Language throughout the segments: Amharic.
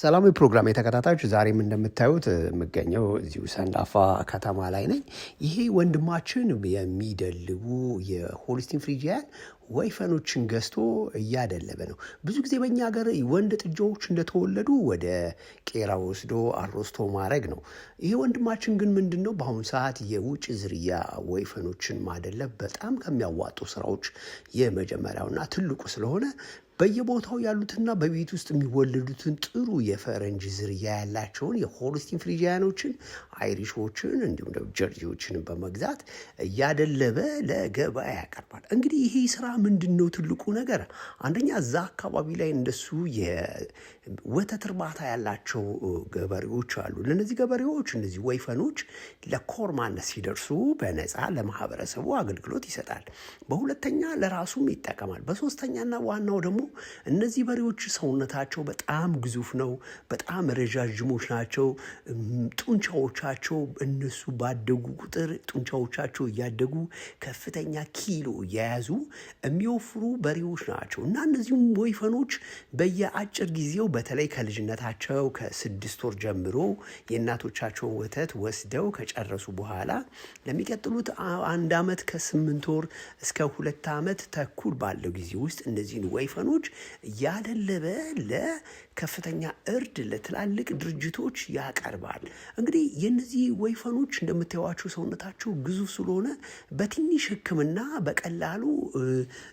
ሰላማዊ ፕሮግራም የተከታታዮች ዛሬም እንደምታዩት የምገኘው እዚሁ ሰንዳፋ ከተማ ላይ ነኝ። ይሄ ወንድማችን የሚደልቡ የሆልስቲን ፍሪጂያን ወይፈኖችን ገዝቶ እያደለበ ነው። ብዙ ጊዜ በእኛ ሀገር ወንድ ጥጃዎች እንደተወለዱ ወደ ቄራ ወስዶ አሮስቶ ማድረግ ነው። ይሄ ወንድማችን ግን ምንድን ነው በአሁኑ ሰዓት የውጭ ዝርያ ወይፈኖችን ማደለብ በጣም ከሚያዋጡ ስራዎች የመጀመሪያውና ትልቁ ስለሆነ በየቦታው ያሉትና በቤት ውስጥ የሚወለዱትን ጥሩ የፈረንጅ ዝርያ ያላቸውን የሆልስቲን ፍሪጂያኖችን አይሪሾችን እንዲሁም ደግሞ ጀርጂዎችን በመግዛት እያደለበ ለገበያ ያቀርባል። እንግዲህ ይሄ ስራ ምንድን ነው ትልቁ ነገር፣ አንደኛ እዛ አካባቢ ላይ እንደሱ የወተት እርባታ ያላቸው ገበሬዎች አሉ። ለእነዚህ ገበሬዎች እነዚህ ወይፈኖች ለኮርማነት ሲደርሱ በነፃ ለማህበረሰቡ አገልግሎት ይሰጣል። በሁለተኛ ለራሱም ይጠቀማል። በሶስተኛና ዋናው ደግሞ እነዚህ በሬዎች ሰውነታቸው በጣም ግዙፍ ነው። በጣም ረዣዥሞች ናቸው። ጡንቻዎች ጡንቻቸው እነሱ ባደጉ ቁጥር ጡንቻዎቻቸው እያደጉ ከፍተኛ ኪሎ እየያዙ የሚወፍሩ በሬዎች ናቸው እና እነዚሁም ወይፈኖች በየአጭር ጊዜው በተለይ ከልጅነታቸው ከስድስት ወር ጀምሮ የእናቶቻቸውን ወተት ወስደው ከጨረሱ በኋላ ለሚቀጥሉት አንድ ዓመት ከስምንት ወር እስከ ሁለት ዓመት ተኩል ባለው ጊዜ ውስጥ እነዚህን ወይፈኖች ያደለበ ለከፍተኛ እርድ ለትላልቅ ድርጅቶች ያቀርባል እንግዲህ እነዚህ ወይፈኖች እንደምታዩቸው ሰውነታቸው ግዙፍ ስለሆነ በትንሽ ሕክምና በቀላሉ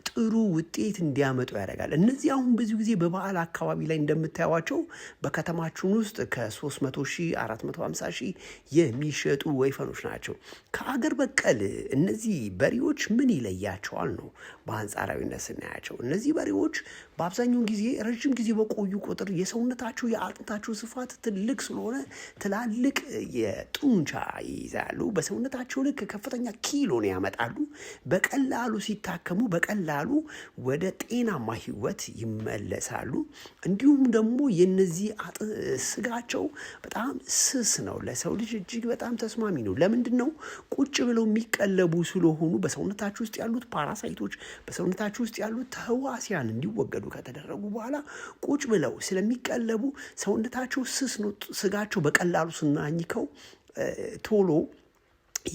ጥሩ ውጤት እንዲያመጡ ያደርጋል። እነዚህ አሁን ብዙ ጊዜ በበዓል አካባቢ ላይ እንደምታዩቸው በከተማችን ውስጥ ከ300 ሺህ 450 ሺህ የሚሸጡ ወይፈኖች ናቸው። ከአገር በቀል እነዚህ በሬዎች ምን ይለያቸዋል ነው በአንጻራዊነት ስናያቸው እነዚህ በሬዎች በአብዛኛውን ጊዜ ረዥም ጊዜ በቆዩ ቁጥር የሰውነታቸው የአጥንታቸው ስፋት ትልቅ ስለሆነ ትላልቅ ጡንቻ ይይዛሉ። በሰውነታቸው ልክ ከፍተኛ ኪሎን ያመጣሉ። በቀላሉ ሲታከሙ በቀላሉ ወደ ጤናማ ህይወት ይመለሳሉ። እንዲሁም ደግሞ የነዚህ ስጋቸው በጣም ስስ ነው። ለሰው ልጅ እጅግ በጣም ተስማሚ ነው። ለምንድን ነው? ቁጭ ብለው የሚቀለቡ ስለሆኑ በሰውነታቸው ውስጥ ያሉት ፓራሳይቶች፣ በሰውነታቸው ውስጥ ያሉት ተህዋሲያን እንዲወገዱ ከተደረጉ በኋላ ቁጭ ብለው ስለሚቀለቡ ሰውነታቸው ስስ ነው። ስጋቸው በቀላሉ ስናኝከው 呃，出炉。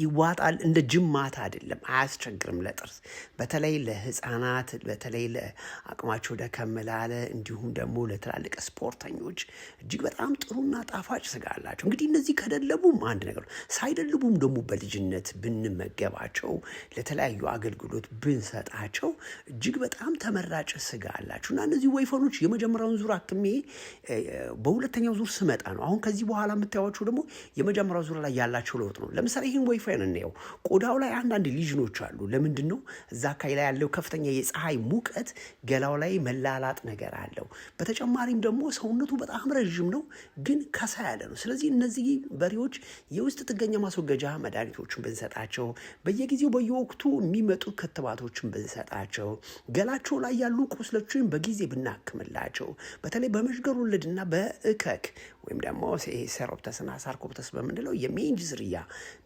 ይዋጣል። እንደ ጅማት አይደለም፣ አያስቸግርም ለጥርስ በተለይ ለህፃናት፣ በተለይ ለአቅማቸው ደከም ላለ እንዲሁም ደግሞ ለትላልቅ ስፖርተኞች እጅግ በጣም ጥሩና ጣፋጭ ስጋ አላቸው። እንግዲህ እነዚህ ከደለቡም አንድ ነገር ሳይደልቡም ደግሞ በልጅነት ብንመገባቸው፣ ለተለያዩ አገልግሎት ብንሰጣቸው እጅግ በጣም ተመራጭ ስጋ አላቸው እና እነዚህ ወይፈኖች የመጀመሪያውን ዙር አክሜ በሁለተኛው ዙር ስመጣ ነው። አሁን ከዚህ በኋላ የምታያቸው ደግሞ የመጀመሪያው ዙር ላይ ያላቸው ለውጥ ነው። ለምሳሌ ይህን በይፋ እንየው። ቆዳው ላይ አንዳንድ ሊዥኖች አሉ። ለምንድን ነው? እዛ አካባቢ ላይ ያለው ከፍተኛ የፀሐይ ሙቀት ገላው ላይ መላላጥ ነገር አለው። በተጨማሪም ደግሞ ሰውነቱ በጣም ረዥም ነው፣ ግን ከሳ ያለ ነው። ስለዚህ እነዚህ በሬዎች የውስጥ ጥገኛ ማስወገጃ መድኃኒቶችን ብንሰጣቸው፣ በየጊዜው በየወቅቱ የሚመጡ ክትባቶችን ብንሰጣቸው፣ ገላቸው ላይ ያሉ ቁስሎችን በጊዜ ብናክምላቸው፣ በተለይ በመሽገር ወለድና በእከክ ወይም ደግሞ ሴሮፕተስና ሳርኮፕተስ በምንለው የሜንጅ ዝርያ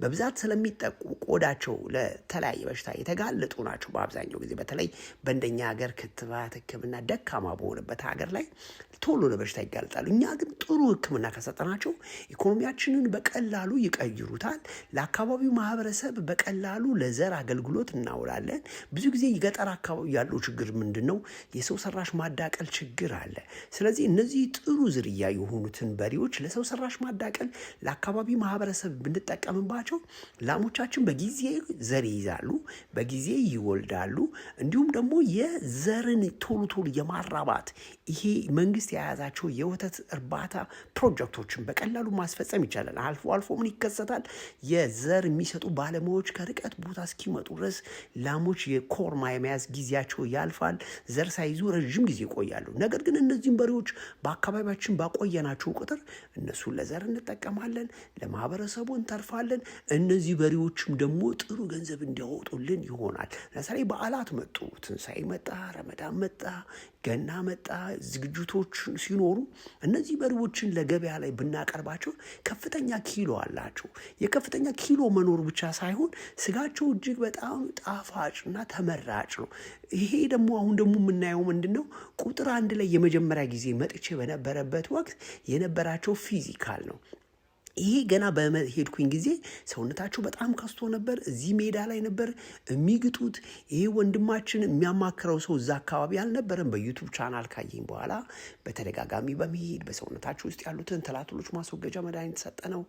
በብዛት ስለሚጠቁ ቆዳቸው ለተለያየ በሽታ የተጋለጡ ናቸው። በአብዛኛው ጊዜ በተለይ በእንደኛ ሀገር ክትባት ሕክምና ደካማ በሆነበት ሀገር ላይ ቶሎ ለበሽታ ይጋለጣሉ። እኛ ግን ጥሩ ሕክምና ከሰጠናቸው ኢኮኖሚያችንን በቀላሉ ይቀይሩታል። ለአካባቢው ማህበረሰብ በቀላሉ ለዘር አገልግሎት እናውላለን። ብዙ ጊዜ የገጠር አካባቢ ያለው ችግር ምንድን ነው? የሰው ሰራሽ ማዳቀል ችግር አለ። ስለዚህ እነዚህ ጥሩ ዝርያ የሆኑትን በሬዎች ለሰው ሰራሽ ማዳቀል ለአካባቢ ማህበረሰብ ብንጠቀምባቸው ላሞቻችን በጊዜ ዘር ይይዛሉ፣ በጊዜ ይወልዳሉ። እንዲሁም ደግሞ የዘርን ቶሎ ቶሎ የማራባት ይሄ መንግስት የያዛቸው የወተት እርባታ ፕሮጀክቶችን በቀላሉ ማስፈጸም ይቻላል። አልፎ አልፎ ምን ይከሰታል? የዘር የሚሰጡ ባለሙያዎች ከርቀት ቦታ እስኪመጡ ድረስ ላሞች የኮርማ የመያዝ ጊዜያቸው ያልፋል። ዘር ሳይዙ ረዥም ጊዜ ይቆያሉ። ነገር ግን እነዚህም በሬዎች በአካባቢያችን ባቆየናቸው ቁጥር እነሱን ለዘር እንጠቀማለን፣ ለማህበረሰቡ እንተርፋለን። እነዚህ በሬዎችም ደግሞ ጥሩ ገንዘብ እንዲያወጡልን ይሆናል። ለምሳሌ በዓላት መጡ፣ ትንሣኤ መጣ፣ ረመዳን መጣ፣ ገና መጣ፣ ዝግጅቶች ሲኖሩ እነዚህ በሬዎችን ለገበያ ላይ ብናቀርባቸው ከፍተኛ ኪሎ አላቸው። የከፍተኛ ኪሎ መኖር ብቻ ሳይሆን ስጋቸው እጅግ በጣም ጣፋጭ እና ተመራጭ ነው። ይሄ ደግሞ አሁን ደግሞ የምናየው ምንድን ነው? ቁጥር አንድ ላይ የመጀመሪያ ጊዜ መጥቼ በነበረበት ወቅት የነበራቸው ፊዚካል ነው። ይሄ ገና በሄድኩኝ ጊዜ ሰውነታቸው በጣም ከስቶ ነበር። እዚህ ሜዳ ላይ ነበር የሚግጡት። ይሄ ወንድማችን የሚያማክረው ሰው እዛ አካባቢ አልነበረም። በዩቱብ ቻናል ካየኝ በኋላ በተደጋጋሚ በመሄድ በሰውነታቸው ውስጥ ያሉትን ትላትሎች ማስወገጃ መድኃኒት ሰጠ ነው።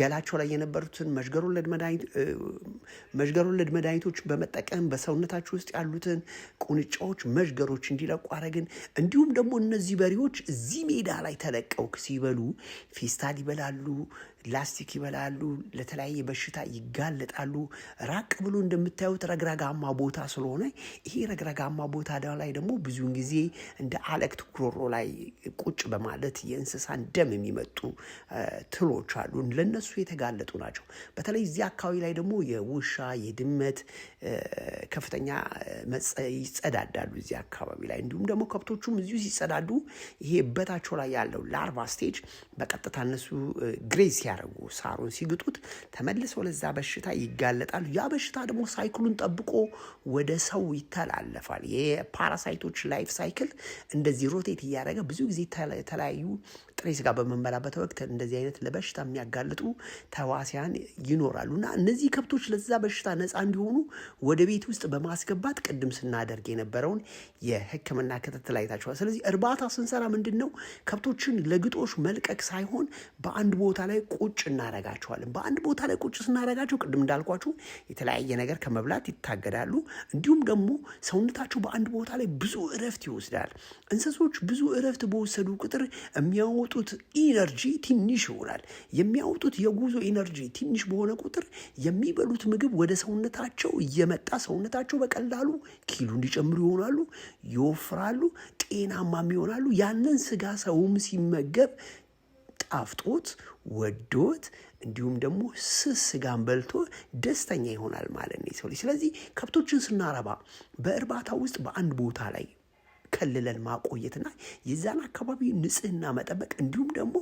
ገላቸው ላይ የነበሩትን መዥገር ወለድ መድኃኒቶች በመጠቀም በሰውነታቸው ውስጥ ያሉትን ቁንጫዎች፣ መዥገሮች እንዲለቁ አረግን። እንዲሁም ደግሞ እነዚህ በሬዎች እዚህ ሜዳ ላይ ተለቀው ሲበሉ ፌስታል ይበላሉ። ላስቲክ ይበላሉ፣ ለተለያየ በሽታ ይጋለጣሉ። ራቅ ብሎ እንደምታዩት ረግረጋማ ቦታ ስለሆነ ይሄ ረግረጋማ ቦታ ላይ ደግሞ ብዙውን ጊዜ እንደ አለክት ጉሮሮ ላይ ቁጭ በማለት የእንስሳን ደም የሚመጡ ትሎች አሉ። ለነሱ የተጋለጡ ናቸው። በተለይ እዚህ አካባቢ ላይ ደግሞ የውሻ የድመት ከፍተኛ ይጸዳዳሉ እዚህ አካባቢ ላይ እንዲሁም ደግሞ ከብቶቹም እዚሁ ሲጸዳዱ ይሄ በታቸው ላይ ያለው ላርቫ ስቴጅ በቀጥታ እነሱ ግሬስ ሲያ ሲያደርጉ ሳሩን ሲግጡት ተመልሰው ለዛ በሽታ ይጋለጣሉ። ያ በሽታ ደግሞ ሳይክሉን ጠብቆ ወደ ሰው ይተላለፋል። የፓራሳይቶች ላይፍ ሳይክል እንደዚህ ሮቴት እያደረገ ብዙ ጊዜ የተለያዩ ጥሬ ስጋ በመመላበት ወቅት እንደዚህ አይነት ለበሽታ የሚያጋልጡ ተዋሲያን ይኖራሉ እና እነዚህ ከብቶች ለዛ በሽታ ነፃ እንዲሆኑ ወደ ቤት ውስጥ በማስገባት ቅድም ስናደርግ የነበረውን የሕክምና ክትትል አይታችኋል። ስለዚህ እርባታ ስንሰራ ምንድን ነው ከብቶችን ለግጦሽ መልቀቅ ሳይሆን በአንድ ቦታ ላይ ቁጭ እናረጋቸዋለን። በአንድ ቦታ ላይ ቁጭ ስናረጋቸው ቅድም እንዳልኳችሁ የተለያየ ነገር ከመብላት ይታገዳሉ። እንዲሁም ደግሞ ሰውነታቸው በአንድ ቦታ ላይ ብዙ እረፍት ይወስዳል። እንስሶች ብዙ እረፍት በወሰዱ ቁጥር የሚያወጡት ኢነርጂ ትንሽ ይሆናል። የሚያወጡት የጉዞ ኢነርጂ ትንሽ በሆነ ቁጥር የሚበሉት ምግብ ወደ ሰውነታቸው እየመጣ ሰውነታቸው በቀላሉ ኪሉ እንዲጨምሩ ይሆናሉ፣ ይወፍራሉ፣ ጤናማም ይሆናሉ። ያንን ስጋ ሰውም ሲመገብ ጣፍጦት ወዶት እንዲሁም ደግሞ ስስ ስጋን በልቶ ደስተኛ ይሆናል ማለት ነው የሰው ልጅ። ስለዚህ ከብቶችን ስናረባ በእርባታ ውስጥ በአንድ ቦታ ላይ ከልለን ማቆየትና የዛን አካባቢ ንጽህና መጠበቅ እንዲሁም ደግሞ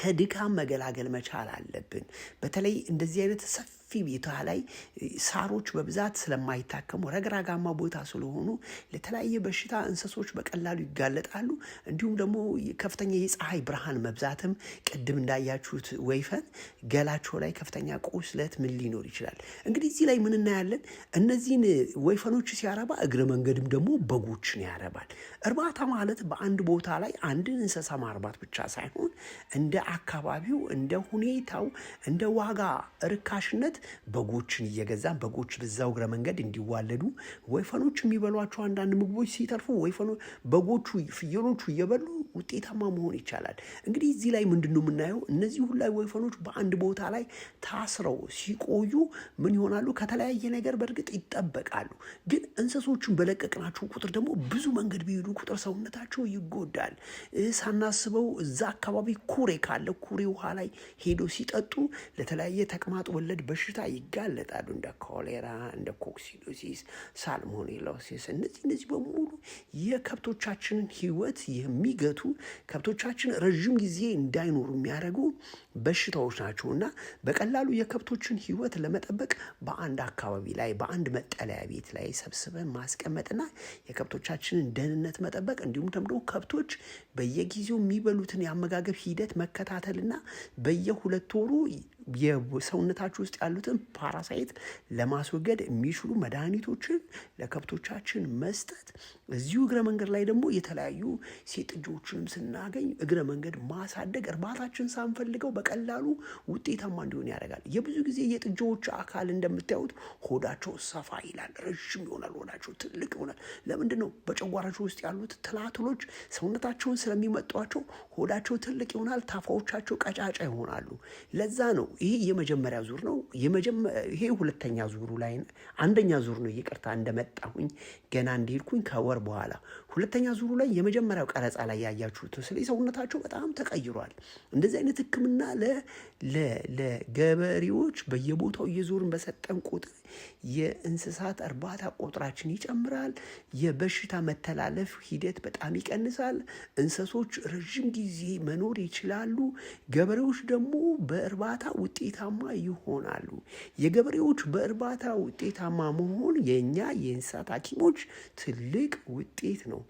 ከድካም መገላገል መቻል አለብን። በተለይ እንደዚህ አይነት ሰፊ ሰፊ ቤቷ ላይ ሳሮች በብዛት ስለማይታከሙ ረግራጋማ ቦታ ስለሆኑ ለተለያየ በሽታ እንስሶች በቀላሉ ይጋለጣሉ። እንዲሁም ደግሞ ከፍተኛ የፀሐይ ብርሃን መብዛትም ቅድም እንዳያችሁት ወይፈን ገላቸው ላይ ከፍተኛ ቁስለት ምን ሊኖር ይችላል። እንግዲህ እዚህ ላይ ምን እናያለን? እነዚህን ወይፈኖች ሲያረባ እግረ መንገድም ደግሞ በጎችን ያረባል። እርባታ ማለት በአንድ ቦታ ላይ አንድን እንስሳ ማርባት ብቻ ሳይሆን እንደ አካባቢው፣ እንደ ሁኔታው፣ እንደ ዋጋ ርካሽነት በጎችን እየገዛ በጎች በዛው እግረ መንገድ እንዲዋለዱ ወይፈኖች የሚበሏቸው አንዳንድ ምግቦች ሲተርፉ ወይፈኖ በጎቹ ፍየሎቹ እየበሉ ውጤታማ መሆን ይቻላል። እንግዲህ እዚህ ላይ ምንድን ነው የምናየው? እነዚህ ሁላ ወይፈኖች በአንድ ቦታ ላይ ታስረው ሲቆዩ ምን ይሆናሉ? ከተለያየ ነገር በእርግጥ ይጠበቃሉ። ግን እንስሶቹን በለቀቅናቸው ቁጥር ደግሞ ብዙ መንገድ ቢሄዱ ቁጥር ሰውነታቸው ይጎዳል። ሳናስበው እዛ አካባቢ ኩሬ ካለ ኩሬ ውሃ ላይ ሄዶ ሲጠጡ ለተለያየ ተቅማጥ ወለድ በሽታ ይጋለጣሉ። እንደ ኮሌራ፣ እንደ ኮክሲዶሲስ፣ ሳልሞኔሎሲስ እነዚህ እነዚህ በሙሉ የከብቶቻችንን ህይወት የሚገቱ ከብቶቻችን ረዥም ጊዜ እንዳይኖሩ የሚያደርጉ በሽታዎች ናቸው እና በቀላሉ የከብቶችን ህይወት ለመጠበቅ በአንድ አካባቢ ላይ በአንድ መጠለያ ቤት ላይ ሰብስበን ማስቀመጥና የከብቶቻችንን ደህንነት መጠበቅ እንዲሁም ተምዶ ከብቶች በየጊዜው የሚበሉትን የአመጋገብ ሂደት መከታተልና በየሁለት ወሩ የሰውነታችሁ ውስጥ ያሉትን ፓራሳይት ለማስወገድ የሚችሉ መድኃኒቶችን ለከብቶቻችን መስጠት፣ እዚሁ እግረ መንገድ ላይ ደግሞ የተለያዩ ሴት ጥጆችንም ስናገኝ እግረ መንገድ ማሳደግ እርባታችን ሳንፈልገው በቀላሉ ውጤታማ እንዲሆን ያደርጋል። የብዙ ጊዜ የጥጆዎች አካል እንደምታዩት ሆዳቸው ሰፋ ይላል፣ ረዥም ይሆናል፣ ሆዳቸው ትልቅ ይሆናል። ለምንድን ነው? በጨጓራቸው ውስጥ ያሉት ትላትሎች ሰውነታቸውን ስለሚመጧቸው ሆዳቸው ትልቅ ይሆናል፣ ታፋዎቻቸው ቀጫጫ ይሆናሉ። ለዛ ነው ይሄ የመጀመሪያ ዙር ነው። ይሄ ሁለተኛ ዙሩ ላይ አንደኛ ዙር ነው። ይቅርታ እንደመጣሁኝ ገና እንደሄድኩኝ ከወር በኋላ ሁለተኛ ዙሩ ላይ የመጀመሪያው ቀረጻ ላይ ያያችሁት ስለ ሰውነታቸው በጣም ተቀይሯል። እንደዚህ አይነት ሕክምና ለገበሬዎች በየቦታው እየዞርን በሰጠን ቁጥር የእንስሳት እርባታ ቁጥራችን ይጨምራል። የበሽታ መተላለፍ ሂደት በጣም ይቀንሳል። እንስሶች ረዥም ጊዜ መኖር ይችላሉ። ገበሬዎች ደግሞ በእርባታ ውጤታማ ይሆናሉ። የገበሬዎች በእርባታ ውጤታማ መሆን የእኛ የእንስሳት ሐኪሞች ትልቅ ውጤት ነው።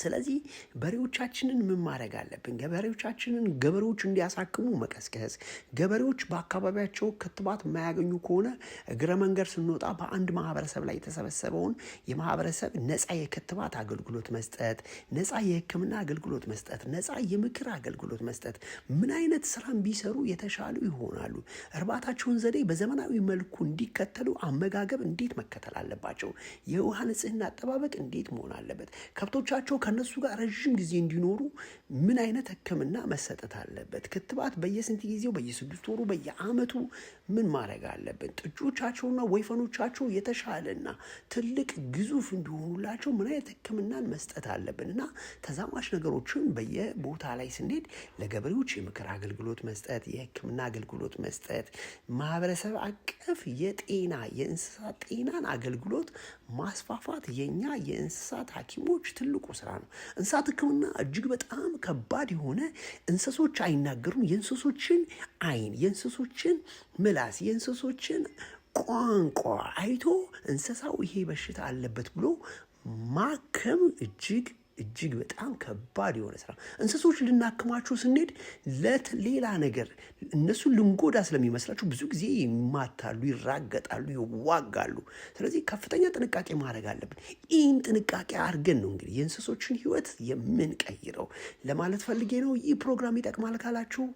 ስለዚህ በሬዎቻችንን ምን ማድረግ አለብን? ገበሬዎቻችንን ገበሬዎች እንዲያሳክሙ መቀስቀስ። ገበሬዎች በአካባቢያቸው ክትባት የማያገኙ ከሆነ እግረ መንገድ ስንወጣ በአንድ ማህበረሰብ ላይ የተሰበሰበውን የማህበረሰብ ነፃ የክትባት አገልግሎት መስጠት፣ ነፃ የሕክምና አገልግሎት መስጠት፣ ነፃ የምክር አገልግሎት መስጠት፣ ምን አይነት ስራም ቢሰሩ የተሻሉ ይሆናሉ፣ እርባታቸውን ዘዴ በዘመናዊ መልኩ እንዲከተሉ፣ አመጋገብ እንዴት መከተል አለባቸው፣ የውሃ ንጽህና አጠባበቅ እንዴት መሆን አለበት፣ ከብቶቻቸው ሰው ከነሱ ጋር ረዥም ጊዜ እንዲኖሩ ምን አይነት ሕክምና መሰጠት አለበት? ክትባት በየስንት ጊዜው፣ በየስድስት ወሩ፣ በየአመቱ ምን ማድረግ አለብን? ጥጆቻቸውና ወይፈኖቻቸው የተሻለና ትልቅ ግዙፍ እንዲሆኑላቸው ምን አይነት ሕክምናን መስጠት አለብን? እና ተዛማች ነገሮችን በየቦታ ላይ ስንሄድ ለገበሬዎች የምክር አገልግሎት መስጠት፣ የሕክምና አገልግሎት መስጠት፣ ማህበረሰብ አቀፍ የጤና የእንስሳት ጤናን አገልግሎት ማስፋፋት የእኛ የእንስሳት ሐኪሞች ትልቁ ስራ ስራ ነው። እንስሳት ሕክምና እጅግ በጣም ከባድ የሆነ እንስሶች አይናገሩም። የእንስሶችን አይን የእንስሶችን ምላስ፣ የእንስሶችን ቋንቋ አይቶ እንስሳው ይሄ በሽታ አለበት ብሎ ማከም እጅግ እጅግ በጣም ከባድ የሆነ ስራ። እንስሶች ልናክማቸው ስንሄድ ሌላ ነገር እነሱን ልንጎዳ ስለሚመስላቸው ብዙ ጊዜ ይማታሉ፣ ይራገጣሉ፣ ይዋጋሉ። ስለዚህ ከፍተኛ ጥንቃቄ ማድረግ አለብን። ይህን ጥንቃቄ አድርገን ነው እንግዲህ የእንስሶችን ህይወት የምንቀይረው ለማለት ፈልጌ ነው። ይህ ፕሮግራም ይጠቅማል ካላችሁ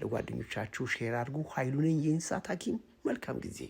ለጓደኞቻችሁ ሼር አድርጉ። ኃይሉ ነኝ የእንስሳት ሐኪም። መልካም ጊዜ